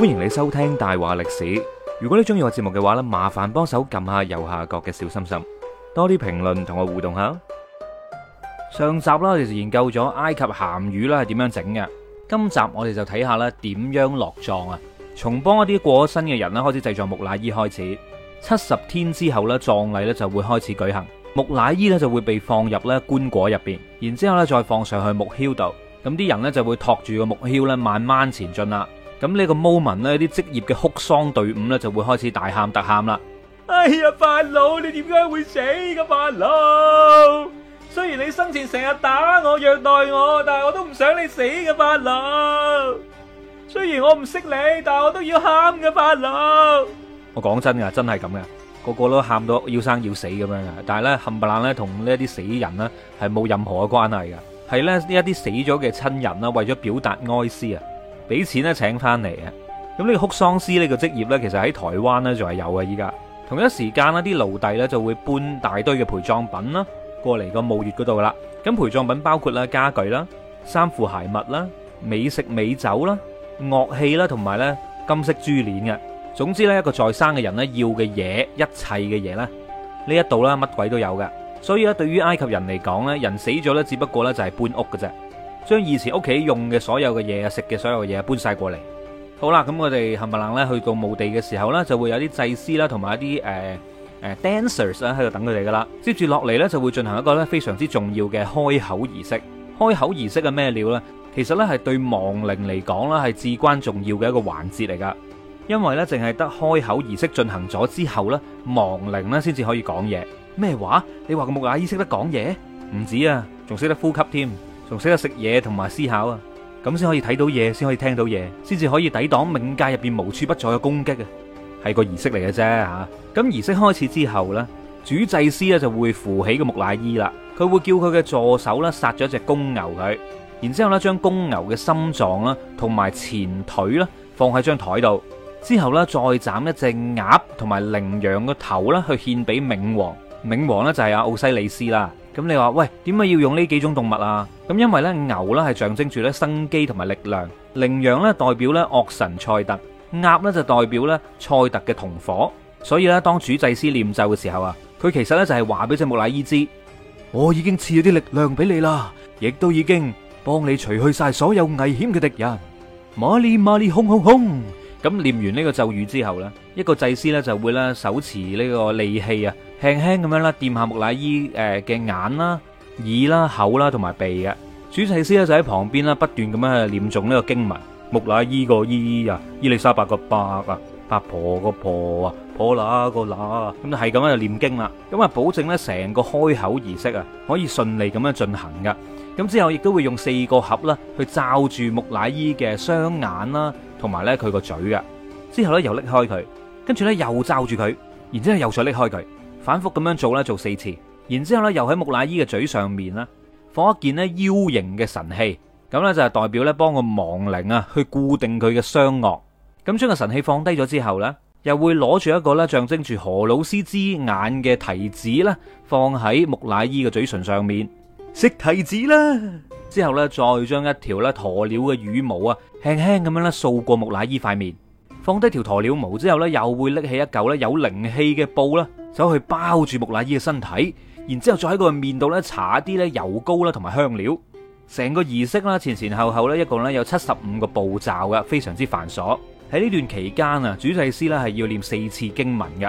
歡迎你收聽大話歷史。如果你中意我節目嘅話呢，麻煩幫手撳下右下角嘅小心心，多啲評論同我互動下。上集啦，我哋研究咗埃及鹹魚啦係點樣整嘅。今集我哋就睇下咧點樣落葬啊。從幫一啲過咗身嘅人咧開始製作木乃伊開始，七十天之後咧葬禮咧就會開始舉行。木乃伊咧就會被放入咧棺槨入邊，然之後咧再放上去木橇度。咁啲人咧就會托住個木橇咧慢慢前進啦。咁呢個 moment 咧，啲職業嘅哭喪隊伍咧就會開始大喊大喊啦！哎呀，法老，你點解會死嘅法老？雖然你生前成日打我、虐待我，但係我都唔想你死嘅法老。雖然我唔識你，但係我都要喊嘅法老。我講真噶，真係咁嘅，個個都喊到要生要死咁樣嘅。但係咧冚唪唥咧，同呢一啲死人咧係冇任何嘅關係嘅，係咧呢一啲死咗嘅親人啦，為咗表達哀思啊，俾錢咧請翻嚟嘅。咁呢個哭喪師呢個職業呢，其實喺台灣呢仲係有嘅依家。同一時間呢啲奴隸呢，就會搬大堆嘅陪葬品啦，過嚟個墓穴嗰度啦。咁陪葬品包括咧家具啦、衫褲鞋襪啦、美食美酒啦、樂器啦，同埋呢金色珠鏈嘅。總之呢，一個在生嘅人呢，要嘅嘢，一切嘅嘢呢，呢一度啦，乜鬼都有嘅。所以咧，對於埃及人嚟講呢，人死咗呢，只不過呢，就係搬屋嘅啫。將以前屋企用嘅所有嘅嘢啊，食嘅所有嘅嘢啊，搬晒過嚟。好啦，咁我哋冚唪唥咧去到墓地嘅時候呢，就會有啲祭司啦，同埋一啲誒誒 dancers 喺度等佢哋噶啦。接住落嚟呢，就會進行一個咧非常之重要嘅開口儀式。開口儀式係咩料呢？其實呢係對亡靈嚟講咧係至關重要嘅一個環節嚟噶。因為呢，淨係得開口儀式進行咗之後呢，亡靈呢先至可以講嘢。咩話？你話個木乃伊識得講嘢？唔止啊，仲識得呼吸添。仲識得食嘢同埋思考啊，咁先可以睇到嘢，先可以聽到嘢，先至可以抵擋冥界入邊無處不在嘅攻擊啊，係個儀式嚟嘅啫。吓，咁儀式開始之後咧，主祭司咧就會扶起個木乃伊啦，佢會叫佢嘅助手咧殺咗隻公牛佢，然之後咧將公牛嘅心臟啦同埋前腿啦放喺張台度，之後咧再斬一隻鴨同埋羚羊嘅頭啦去獻俾冥王，冥王咧就係阿奧西里斯啦。咁你話喂，點解要用呢幾種動物啊？咁因為咧牛咧係象徵住咧生機同埋力量，羚羊咧代表咧惡神塞特，鴨咧就代表咧塞特嘅同伙。所以咧，當主祭司念咒嘅時候啊，佢其實咧就係話俾隻木乃伊知，我已經賜咗啲力量俾你啦，亦都已經幫你除去晒所有危險嘅敵人。馬里馬里轟轟轟！咁念完呢個咒語之後咧，一個祭師咧就會咧手持呢個利器啊，輕輕咁樣啦，掂下木乃伊誒嘅眼啦、耳啦、口啦同埋鼻嘅主祭師咧就喺旁邊啦，不斷咁樣去念誦呢個經文。木乃伊個姨啊，伊麗莎白個伯啊，八婆個婆啊，婆乸個乸啊，咁就係咁樣就念經啦，咁啊保證咧成個開口儀式啊可以順利咁樣進行噶。咁之後亦都會用四個盒啦去罩住木乃伊嘅雙眼啦。同埋咧佢個嘴嘅，之後呢，又拎開佢，跟住呢，又罩住佢，然之後又再拎開佢，反覆咁樣做咧做四次，然之後咧又喺木乃伊嘅嘴上面啦放一件呢腰型嘅神器，咁呢，就係代表呢，幫個亡靈啊去固定佢嘅雙顎，咁將個神器放低咗之後呢，又會攞住一個呢象徵住何老師之眼嘅提子咧放喺木乃伊嘅嘴唇上面食提子啦。之後咧，再將一條咧鴕鳥嘅羽毛啊，輕輕咁樣咧掃過木乃伊塊面，放低條鴕鳥毛之後咧，又會拎起一嚿咧有靈氣嘅布啦，走去包住木乃伊嘅身體，然之後再喺個面度咧搽啲咧油膏啦同埋香料，成個儀式啦前前後後咧一共咧有七十五個步驟噶，非常之繁瑣。喺呢段期間啊，主祭司咧係要念四次經文嘅，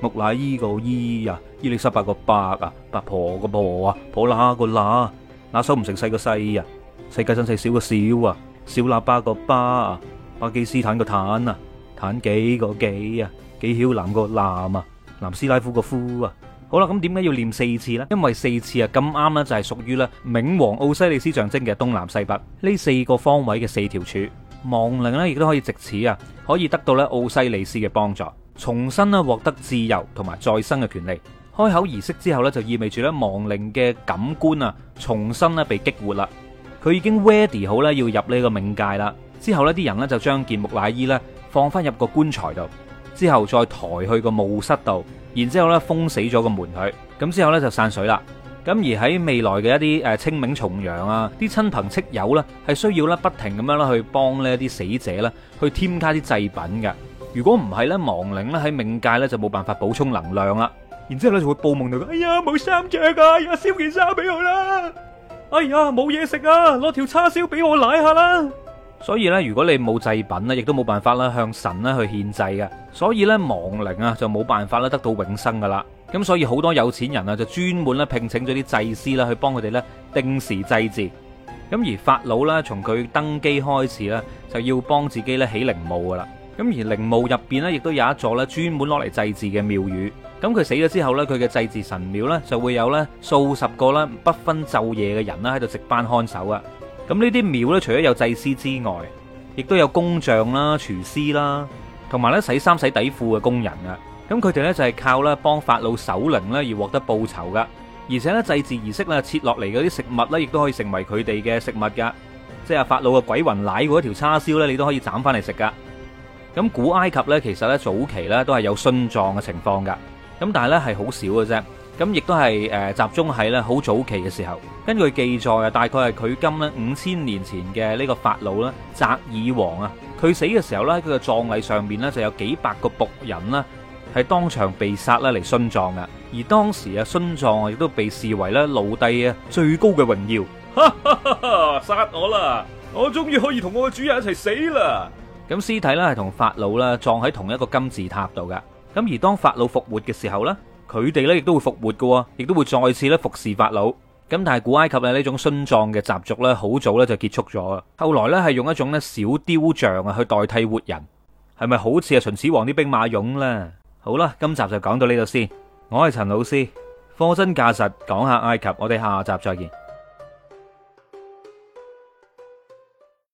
木乃伊個伊啊，伊利沙伯個伯啊，八婆個婆啊，婆乸個乸。那首唔成世個世啊，世界真細小個小啊，小喇叭個巴啊，巴基斯坦個坦啊，坦幾個幾啊，紀曉嵐個南啊，南斯拉夫個夫啊，好啦，咁點解要念四次呢？因為四次啊，咁啱呢，就係屬於啦冥王奧西利斯象徵嘅東南西北呢四個方位嘅四條柱，亡靈呢，亦都可以借此啊，可以得到咧奧西利斯嘅幫助，重新呢獲得自由同埋再生嘅權利。開口儀式之後咧，就意味住咧亡靈嘅感官啊，重新咧被激活啦。佢已經 ready 好咧，要入呢個冥界啦。之後呢啲人呢就將件木乃伊呢放翻入個棺材度，之後再抬去個墓室度，然之後咧封死咗個門佢。咁之後呢就散水啦。咁而喺未來嘅一啲誒清明重陽啊，啲親朋戚友呢，係需要呢不停咁樣咧去幫呢啲死者呢去添加啲祭品嘅。如果唔係呢，亡靈呢喺冥界呢就冇辦法補充能量啦。然之後咧就會報夢到：「哎呀冇衫著㗎，而家燒件衫俾我啦！哎呀冇嘢食啊，攞條叉燒俾我舔下啦！所以呢，如果你冇祭品呢，亦都冇辦法啦，向神咧去獻祭嘅。所以呢，亡靈啊就冇辦法咧得到永生噶啦。咁所以好多有錢人啊就專門咧聘請咗啲祭司啦，去幫佢哋呢定時祭祀。咁而法老呢，從佢登基開始呢，就要幫自己呢起陵墓噶啦。咁而陵墓入邊呢，亦都有一座呢專門攞嚟祭祀嘅廟宇。咁佢死咗之後，呢佢嘅祭祀神廟呢，就會有呢數十個呢不分晝夜嘅人啦喺度值班看守啊。咁呢啲廟呢，除咗有祭司之外，亦都有工匠啦、廚師啦，同埋呢洗衫洗底褲嘅工人啊。咁佢哋呢，就係靠呢幫法老守靈呢而獲得報酬噶。而且呢，祭祀儀式呢，切落嚟嗰啲食物呢，亦都可以成為佢哋嘅食物噶。即係法老嘅鬼魂舐過一條叉燒呢，你都可以斬翻嚟食噶。咁古埃及呢，其實呢，早期呢，都係有殉葬嘅情況噶。咁但係咧係好少嘅啫，咁亦都係誒集中喺咧好早期嘅時候。根據記載啊，大概係佢今咧五千年前嘅呢個法老啦，澤爾王啊，佢死嘅時候咧，佢嘅葬禮上面呢就有幾百個僕人啦，係當場被殺啦嚟殉葬㗎。而當時啊殉葬啊亦都被視為咧奴隸啊最高嘅榮耀。殺 我啦！我終於可以同我嘅主人一齊死啦！咁屍體咧係同法老啦葬喺同一個金字塔度噶。咁而當法老復活嘅時候，呢佢哋呢亦都會復活嘅，亦都會再次咧服侍法老。咁但係古埃及嘅呢種殉葬嘅習俗呢，好早呢就結束咗喇。後來呢，係用一種呢小雕像啊去代替活人，係咪好似啊秦始皇啲兵馬俑呢？好啦，今集就講到呢度先。我係陳老師，貨真價實講下埃及。我哋下集再見。